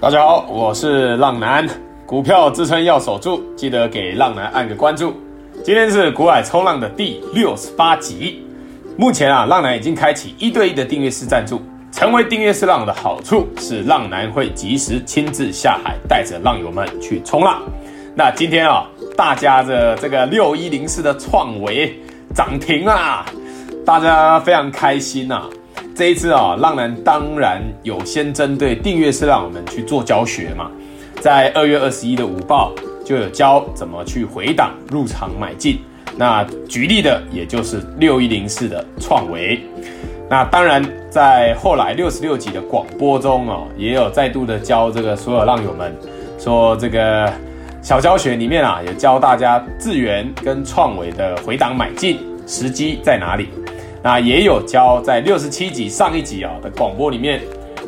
大家好，我是浪男，股票支撐要守住，記得給浪男按個關注。今天是股海衝浪的第六十八集，目前啊，浪男已經開啟一對一的訂閱式贊助。成為訂閱式浪的好處是，浪男會吉時親自下海，帶着浪友們去衝浪。那今天啊，大家的這，這個六一零四的創惟漲停啊，大家非常開心吶、啊。這一次啊、哦，浪男當然有先針對訂閱式浪友們去做教學嘛，在二月二十一的午報就有教怎麼去回檔入場買進，那舉例的也就是六一零四的創惟。那當然在後來六十六集的廣播中哦，也有再度的教這個所有浪友們，說這個小教學裡面啊，也教大家智原跟創惟的回檔買進時機在哪裡。那也有教在六十七集上一集啊的廣播裡面，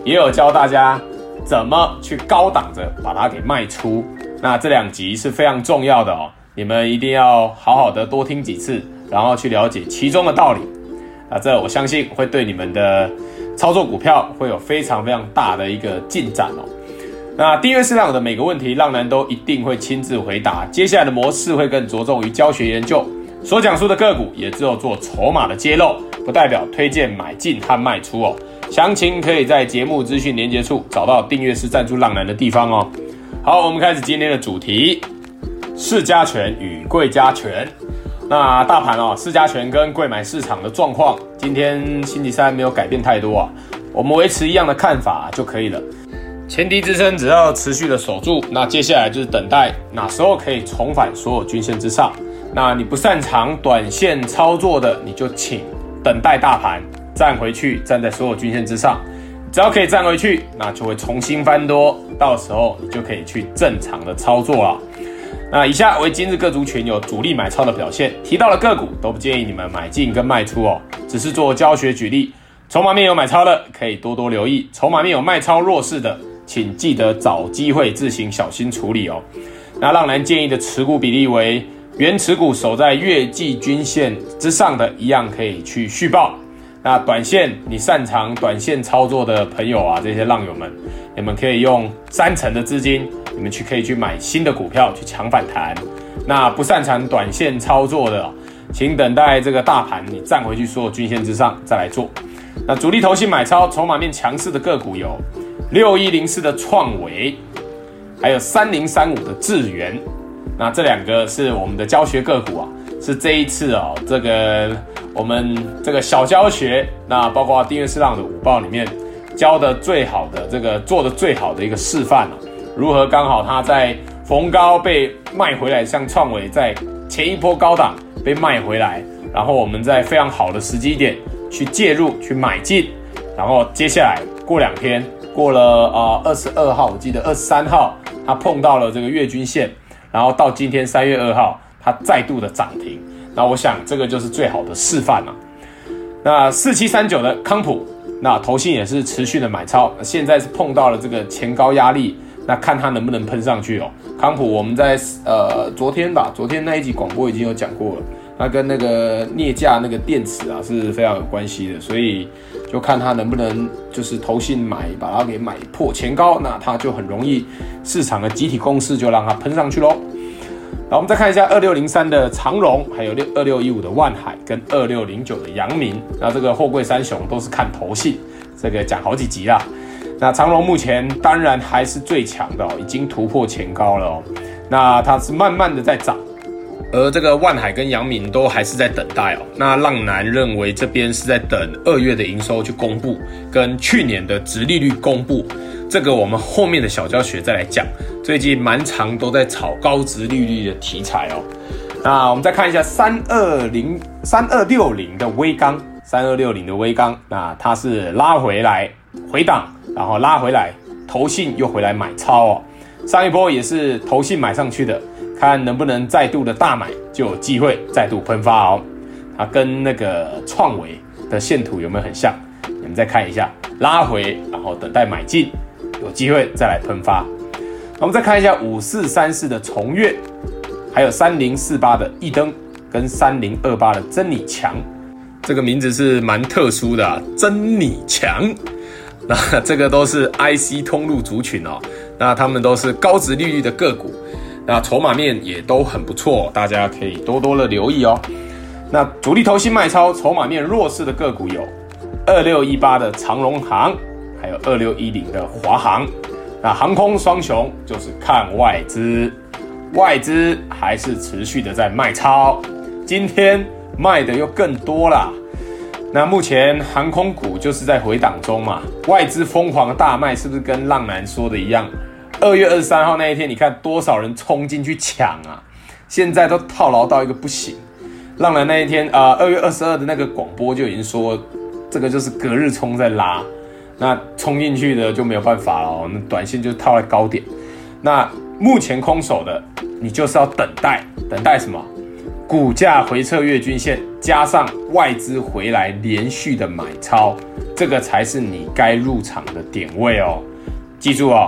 也有教大家怎麼去高檔着把它給賣出。那這兩集是非常重要的哦，你們一定要好好的多聽幾次，然後去了解其中的道理。啊，這我相信會對你們的操作股票會有非常非常大的一個進展哦。那訂閱式浪友的每個問題，浪男都一定會親自回答。接下來的模式會更着重於教學研究，所講述的個股也只有做籌碼的揭露。不代表推薦買進和賣出哦。詳情可以在節目資訊連結處找到。訂閱是贊助浪男的地方哦。好，我們開始今天的主題：市加權與櫃加權。那大盤哦，市加權跟櫃買市場的狀況，今天星期三沒有改變太多啊。我們維持一樣的看法就可以了。前低支撐只要持續的守住，那接下來就是等待哪時候可以重返所有均線之上。那你不擅長短線操作的，你就請等待大盤站回去，站在所有均線之上，只要可以站回去，那就會重新翻多，到時候你就可以去正常的操作了。那以下為今日各族群有主力買超的表現，提到了個股都不建議你們買進跟賣出哦，只是做教學舉例。籌碼面有買超的可以多多留意，籌碼面有賣超弱勢的，請記得找機會自行小心處理哦。那浪男建議的持股比例為。原持股守在月季均線之上的一樣可以去續抱。那短線你擅長短線操作的朋友啊，這些浪友們，你們可以用三成的資金，你們去可以去買新的股票去搶反彈。那不擅長短線操作的，請等待這個大盤你站回去所有均線之上再來做。那主力投信買超籌碼面強勢的個股有六一零四的創惟，還有三零三五的智原。那這兩個是我們的教學個股啊，是這一次哦，這個我們這個小教學，那包括訂閱式浪友的午報裡面教的最好的，這個做的最好的一個示範了、啊，如何剛好它在逢高被賣回來，像創惟在前一波高檔被賣回來，然後我們在非常好的時機點去介入去買進，然後接下來過兩天過了啊二十二號，我記得二十三號它碰到了這個月均線。然後到今天三月二號，它再度的漲停，那我想這個就是最好的示範了啊。那四七三九的康普，那投信也是持續的買超，現在是碰到了這個前高壓力，那看它能不能噴上去哦。康普，我們在呃昨天吧，昨天那一集廣播已經有講過了，那跟那個鎳價那個電池啊是非常有關係的，所以。就看它能不能就是投信買，把它給買破前高，那它就很容易市場的集體共識就讓它噴上去嘍。然後，啊，我們再看一下二六零三的長榮，還有六二六一五的萬海跟二六零九的陽明，那這個貨櫃三雄都是看投信，這個講好幾集啦，那長榮目前當然還是最強的哦，已經突破前高了哦，那它是慢慢的在漲。而這個萬海跟陽明都還是在等待哦。那浪男認為這邊是在等二月的營收去公布，跟去年的殖利率公布。這個我們後面的小教學再來講。最近蠻常都在炒高殖利率的題材哦。那我們再看一下三二零、三二六零的威剛，三二六零的威剛，那它是拉回來回檔，然後拉回來投信又回來買超哦。上一波也是投信買上去的。看能不能再度的大買，就有機會再度噴發哦。它、啊、跟那個創維的線圖有沒有很像？你們再看一下，拉回然後等待買進，有機會再來噴發、啊。我們再看一下五四三四的重月，還有三零四八的易登跟三零二八的真理牆，這個名字是蠻特殊的、啊，真理牆，那這個都是 IC 通路族群哦，那他們都是高值利率的個股。那籌碼面也都很不錯，大家可以多多的留意哦。那主力投信賣超，籌碼面弱勢的個股有二六一八的長榮航，還有二六一零的華航。那航空雙雄就是看外資，外資還是持續的在賣超，今天賣的又更多啦。那目前航空股就是在回檔中嘛，外資瘋狂大賣，是不是跟浪男說的一樣？二月二十三號那一天，你看多少人衝進去搶啊！現在都套牢到一個不行，浪男那一天啊，二、呃、月二十二的那個廣播就已經說，這個就是隔日衝在拉，那衝進去的就沒有辦法了，哦，那短線就套在高點。那目前空手的，你就是要等待，等待什麼？股價回測月均線，加上外資回來連續的買超，這個才是你該入場的點位哦。記住哦。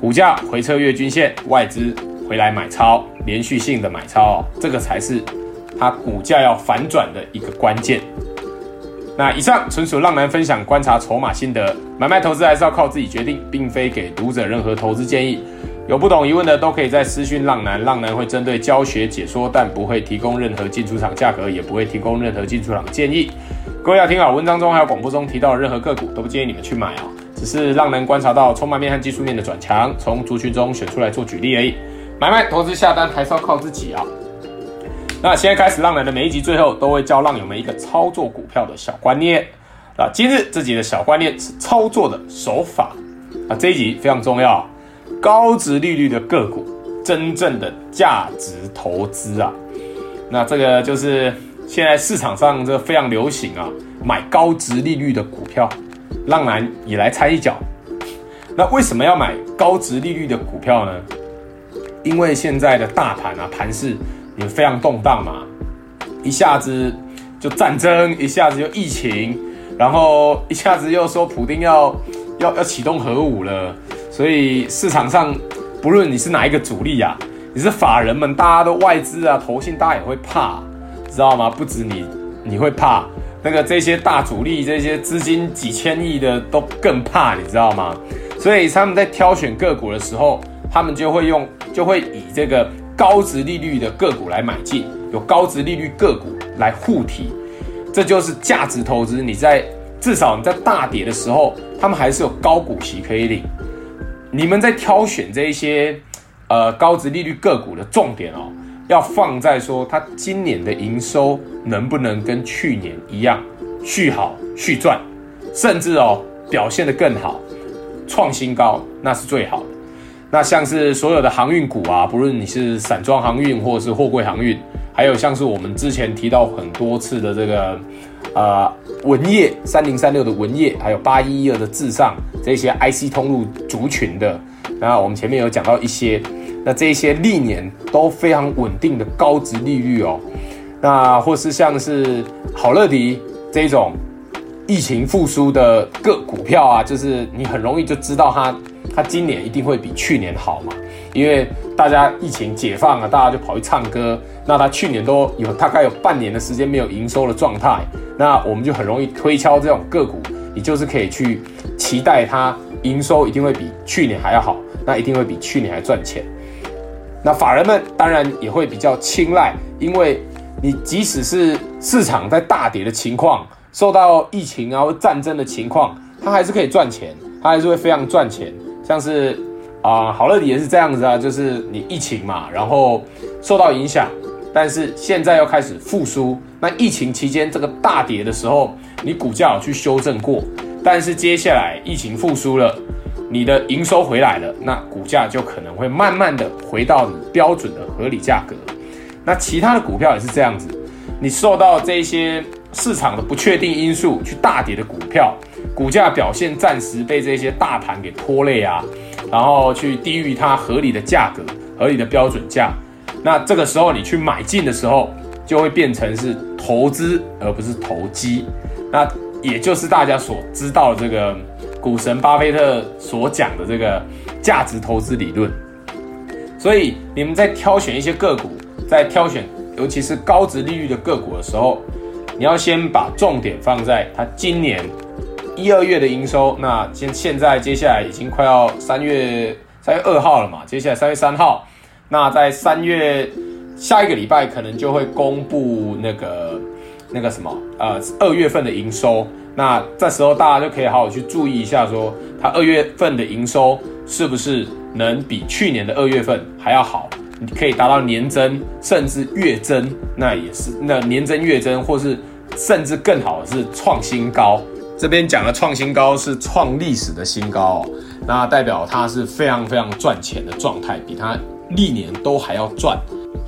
股價回測月均線，外資回來買超，連續性的買超哦，這個才是它股價要反轉的一個關鍵。那以上純屬浪男分享觀察籌碼心得，買賣投資還是要靠自己決定，並非給讀者任何投資建議。有不懂疑問的都可以在私訊浪男，浪男會針對教學解說，但不會提供任何進出場價格，也不會提供任何進出場建議。各位要聽好，文章中還有廣播中提到的任何個股都不建議你們去買哦。只是浪男觀察到籌碼面和技術面的轉強，從族群中選出來做舉例而已。買賣投資下單還是要靠自己啊。那現在開始，浪男的每一集最後都會教浪友們一個操作股票的小觀念啊。今日這集的小觀念是操作的手法啊，這一集非常重要。高殖利率的個股，真正的價值投資啊。那這個就是現在市場上這個非常流行啊，買高殖利率的股票。浪男也來參一腳。那為什麼要買高殖利率的股票呢？因為現在的大盤啊，盤勢也非常動盪嘛，一下子就戰爭，一下子就疫情，然後一下子又說普丁要要要啟動核武了，所以市場上不論你是哪一個主力啊，你是法人們，大家的外資啊，投信大家也會怕，知道嗎？不止你，你會怕。那個這些大主力，這些資金幾千億的都更怕，你知道嗎？所以他們在挑選個股的時候，他們就會用，就會以這個高殖利率的個股來買進，有高殖利率個股來護體，這就是價值投資。你在至少你在大跌的時候，他們還是有高股息可以領。你們在挑選這一些呃高殖利率個股的重點哦。要放在說，它今年的營收能不能跟去年一樣續好續賺，甚至哦表現得更好，創新高，那是最好的。那像是所有的航運股啊，不論你是散裝航運或者是貨櫃航運，還有像是我們之前提到很多次的這個，呃，文曄三零三六的文曄，還有八一一二的至上這些 IC 通路族群的，然後我們前面有講到一些。那這一些歷年都非常穩定的高殖利率哦，那或是像是好樂迪這種疫情復甦的個股票啊，就是你很容易就知道它它今年一定會比去年好嘛，因為大家疫情解放了，大家就跑去唱歌，那它去年都有大概有半年的時間沒有營收的狀態，那我們就很容易推敲這種個股。你就是可以去期待它營收一定會比去年還要好，那一定會比去年還賺錢。那法人們當然也會比較青睞，因為你即使是市場在大跌的情況，受到疫情啊、或戰爭的情況，它還是可以賺錢，它還是會非常賺錢。像是啊、呃，好樂迪也是這樣子啊，就是你疫情嘛，然後受到影響。但是現在要開始復甦，那疫情期間這個大跌的時候，你股價有去修正過，但是接下來疫情復甦了，你的營收回來了，那股價就可能會慢慢的回到你標準的合理價格。那其他的股票也是這樣子，你受到這些市場的不確定因素去大跌的股票，股價表現暫時被這些大盤給拖累啊，然後去低於它合理的價格，合理的標準價。那這個時候你去買進的時候，就會變成是投資而不是投機。那也就是大家所知道的這個股神巴菲特所講的這個價值投資理論。所以你們在挑選一些個股，在挑選尤其是高殖利率的個股的時候，你要先把重點放在它今年一二月的營收。那現現在接下來已經快要三月三月二號了嘛，接下來三月三號。那在三月下一個禮拜，可能就會公布那個那個什麼，呃，二月份的營收。那這時候大家就可以好好去注意一下，說它二月份的營收是不是能比去年的二月份還要好？你可以達到年增，甚至月增，那也是那年增月增，或是甚至更好的是創新高。這邊講的創新高是創歷史的新高哦，那代表它是非常非常賺錢的狀態，比它。歷年都還要賺，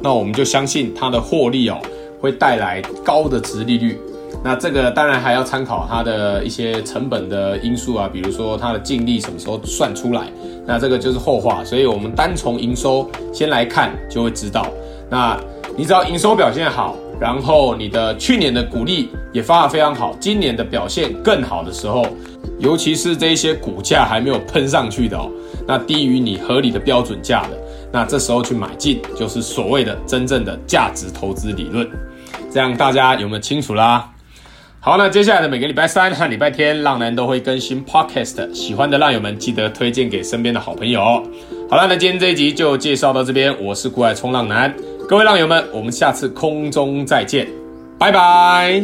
那我們就相信它的獲利哦、喔，會帶來高的殖利率。那這個當然還要參考它的一些成本的因素啊，比如說它的淨利什麼時候算出來，那這個就是後話。所以我們單從營收先來看就會知道，那你只要營收表現好，然後你的去年的股利也發得非常好，今年的表現更好的時候，尤其是這一些股價還沒有噴上去的哦、喔，那低於你合理的標準價的。那這時候去買進，就是所謂的真正的價值投資理論。這樣大家有沒有清楚啦？好，那接下來的每個禮拜三和禮拜天，浪男都會更新 podcast。喜歡的浪友們記得推薦給身邊的好朋友。好了，那今天這一集就介紹到這邊。我是股海衝浪男，各位浪友們，我們下次空中再見，拜拜。